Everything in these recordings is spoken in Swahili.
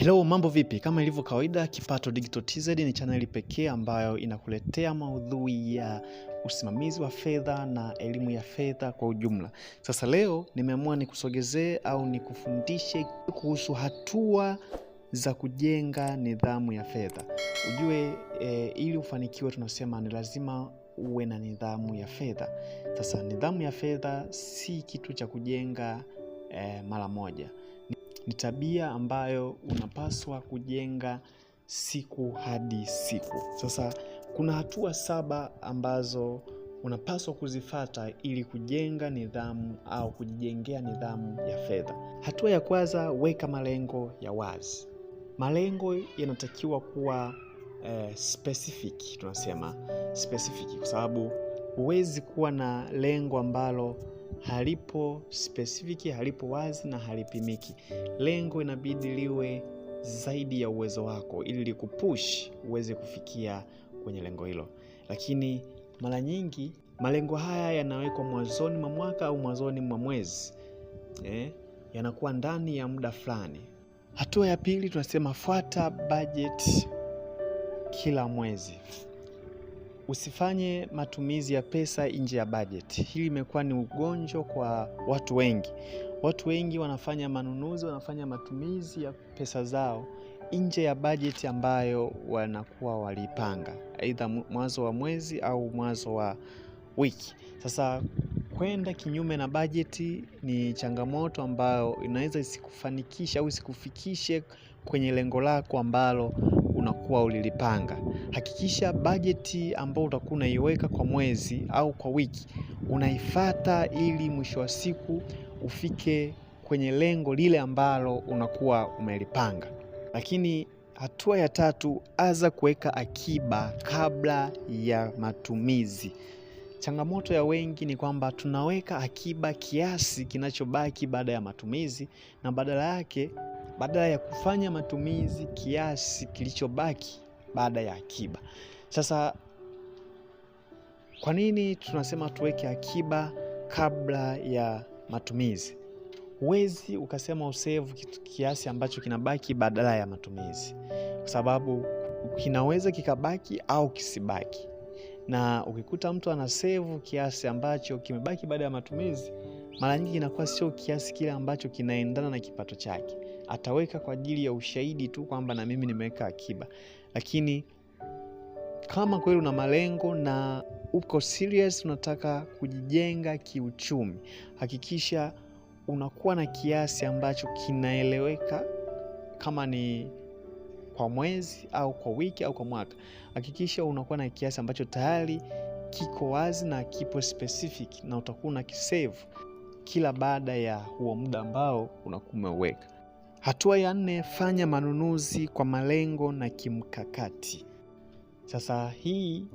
Hello, mambo vipi? Kama ilivyo kawaida, Kipato Digital TZ ni chaneli pekee ambayo inakuletea maudhui ya usimamizi wa fedha na elimu ya fedha kwa ujumla. Sasa leo nimeamua nikusogezee au nikufundishe kuhusu hatua za kujenga nidhamu ya fedha. Ujue e, ili ufanikiwe, tunasema ni lazima uwe na nidhamu ya fedha. Sasa nidhamu ya fedha si kitu cha kujenga eh, mara moja. Ni tabia ambayo unapaswa kujenga siku hadi siku. Sasa kuna hatua saba ambazo unapaswa kuzifata ili kujenga nidhamu au kujijengea nidhamu ya fedha. Hatua ya kwanza, weka malengo ya wazi. Malengo yanatakiwa kuwa eh, specific, tunasema specific kwa sababu huwezi kuwa na lengo ambalo halipo spesifiki, halipo wazi na halipimiki. Lengo inabidi liwe zaidi ya uwezo wako ili likupush uweze kufikia kwenye lengo hilo. Lakini mara nyingi malengo haya yanawekwa mwanzoni mwa mwaka au mwanzoni mwa mwezi eh, yanakuwa ndani ya muda fulani. Hatua ya pili tunasema fuata bajeti kila mwezi. Usifanye matumizi ya pesa nje ya budget. Hili imekuwa ni ugonjwa kwa watu wengi. Watu wengi wanafanya manunuzi, wanafanya matumizi ya pesa zao nje ya bajeti ambayo wanakuwa waliipanga, aidha mwanzo wa mwezi au mwanzo wa wiki. Sasa kwenda kinyume na bajeti ni changamoto ambayo inaweza isikufanikisha au isikufikishe kwenye lengo lako ambalo unakuwa ulilipanga. Hakikisha bajeti ambayo utakuwa unaiweka kwa mwezi au kwa wiki unaifata, ili mwisho wa siku ufike kwenye lengo lile ambalo unakuwa umelipanga. Lakini hatua ya tatu, aza kuweka akiba kabla ya matumizi. Changamoto ya wengi ni kwamba tunaweka akiba kiasi kinachobaki baada ya matumizi na badala yake badala ya kufanya matumizi kiasi kilichobaki baada ya akiba. Sasa kwa nini tunasema tuweke akiba kabla ya matumizi? Huwezi ukasema usevu kiasi ambacho kinabaki badala ya matumizi, kwa sababu kinaweza kikabaki au kisibaki. Na ukikuta mtu ana sevu kiasi ambacho kimebaki baada ya matumizi, mara nyingi inakuwa sio kiasi kile ambacho kinaendana na kipato chake ataweka kwa ajili ya ushahidi tu kwamba na mimi nimeweka akiba, lakini kama kweli una malengo na uko serious, unataka kujijenga kiuchumi, hakikisha unakuwa na kiasi ambacho kinaeleweka, kama ni kwa mwezi au kwa wiki au kwa mwaka. Hakikisha unakuwa na kiasi ambacho tayari kiko wazi na kipo specific, na utakuwa na kisevu kila baada ya huo muda ambao unakuwa Hatua ya nne, fanya manunuzi kwa malengo na kimkakati. Sasa hii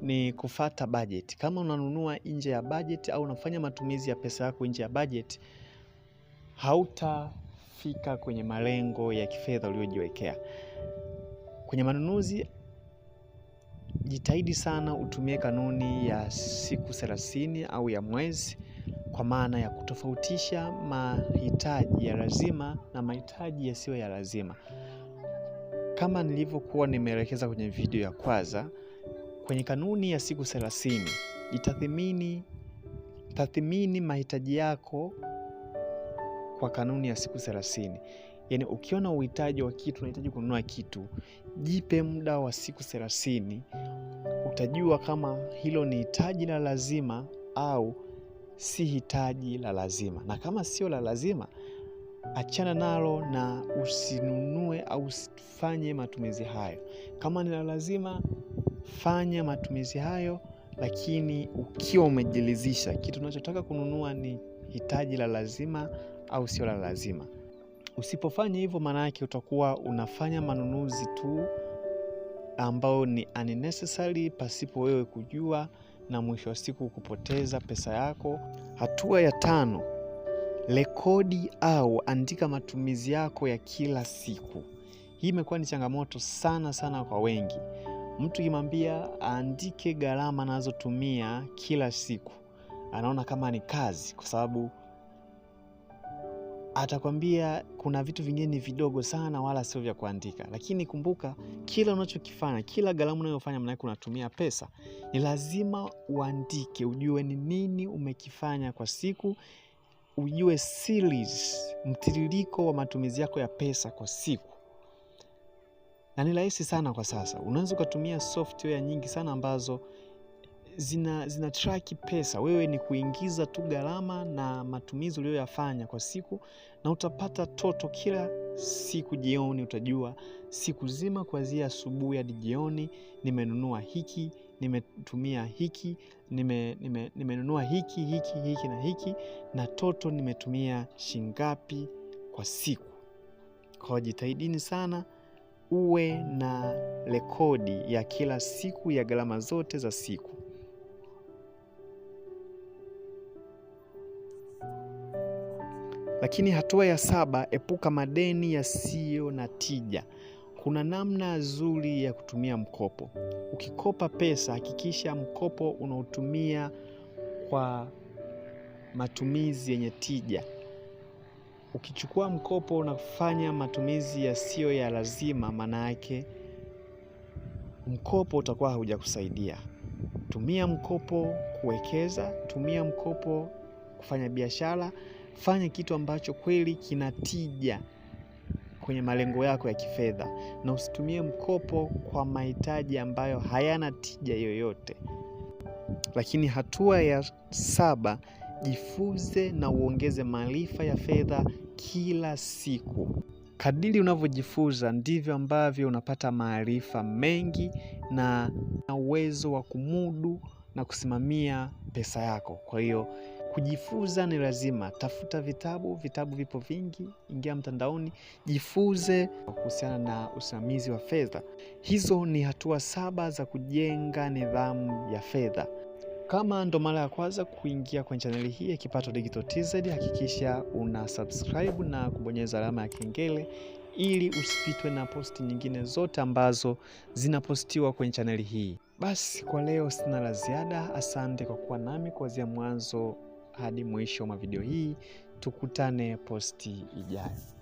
ni kufata bajeti. Kama unanunua nje ya bajeti au unafanya matumizi ya pesa yako nje ya bajeti, hautafika kwenye malengo ya kifedha uliyojiwekea. Kwenye manunuzi, jitahidi sana utumie kanuni ya siku thelathini au ya mwezi kwa maana ya kutofautisha mahitaji ya lazima na mahitaji yasiyo ya lazima. Kama nilivyokuwa nimeelekeza kwenye video ya kwanza, kwenye kanuni ya siku thelathini jitathimini, tathimini mahitaji yako kwa kanuni ya siku thelathini. Yaani, ukiona uhitaji wa kitu, unahitaji kununua kitu, jipe muda wa siku thelathini, utajua kama hilo ni hitaji la lazima au si hitaji la lazima, na kama sio la lazima achana nalo na usinunue au usifanye matumizi hayo. Kama ni la lazima, fanya matumizi hayo, lakini ukiwa umejilizisha kitu unachotaka kununua ni hitaji la lazima au sio la lazima. Usipofanya hivyo, maana yake utakuwa unafanya manunuzi tu ambayo ni unnecessary pasipo wewe kujua na mwisho wa siku kupoteza pesa yako. Hatua ya tano, rekodi au andika matumizi yako ya kila siku. Hii imekuwa ni changamoto sana sana kwa wengi. Mtu kimwambia aandike gharama anazotumia kila siku, anaona kama ni kazi, kwa sababu atakwambia kuna vitu vingine ni vidogo sana, wala sio vya kuandika. Lakini kumbuka, kila unachokifanya, kila gharama unayofanya, maanake unatumia pesa. Ni lazima uandike, ujue ni nini umekifanya kwa siku, ujue series, mtiririko wa matumizi yako ya pesa kwa siku. Na ni rahisi sana kwa sasa, unaweza ukatumia software nyingi sana ambazo zina, zina traki pesa. Wewe ni kuingiza tu gharama na matumizi uliyoyafanya kwa siku, na utapata toto kila siku jioni. Utajua siku zima kuanzia asubuhi hadi jioni, nimenunua hiki, nimetumia hiki, nime, nime, nimenunua hiki hiki hiki na hiki, na toto nimetumia shingapi kwa siku. Kwa jitahidini sana uwe na rekodi ya kila siku ya gharama zote za siku. Lakini hatua ya saba, epuka madeni yasiyo na tija. Kuna namna nzuri ya kutumia mkopo. Ukikopa pesa, hakikisha mkopo unaotumia kwa matumizi yenye tija. Ukichukua mkopo unafanya matumizi yasiyo ya lazima, maana yake mkopo utakuwa haujakusaidia. Tumia mkopo kuwekeza, tumia mkopo kufanya biashara fanya kitu ambacho kweli kinatija kwenye malengo yako ya kifedha, na usitumie mkopo kwa mahitaji ambayo hayana tija yoyote. Lakini hatua ya saba, jifunze na uongeze maarifa ya fedha kila siku. Kadiri unavyojifunza ndivyo ambavyo unapata maarifa mengi na uwezo wa kumudu na kusimamia pesa yako. Kwa hiyo Kujifunza ni lazima, tafuta vitabu, vitabu vipo vingi, ingia mtandaoni, jifunze kuhusiana na usimamizi wa fedha. Hizo ni hatua saba za kujenga nidhamu ya fedha. Kama ndo mara ya kwanza kuingia kwenye chaneli hii ya Kipato Digital TZ, hakikisha una subscribe na kubonyeza alama ya kengele ili usipitwe na posti nyingine zote ambazo zinapostiwa kwenye chaneli hii. Basi kwa leo sina la ziada. Asante kwa kuwa nami kuanzia mwanzo hadi mwisho mwa video hii, tukutane posti ijayo.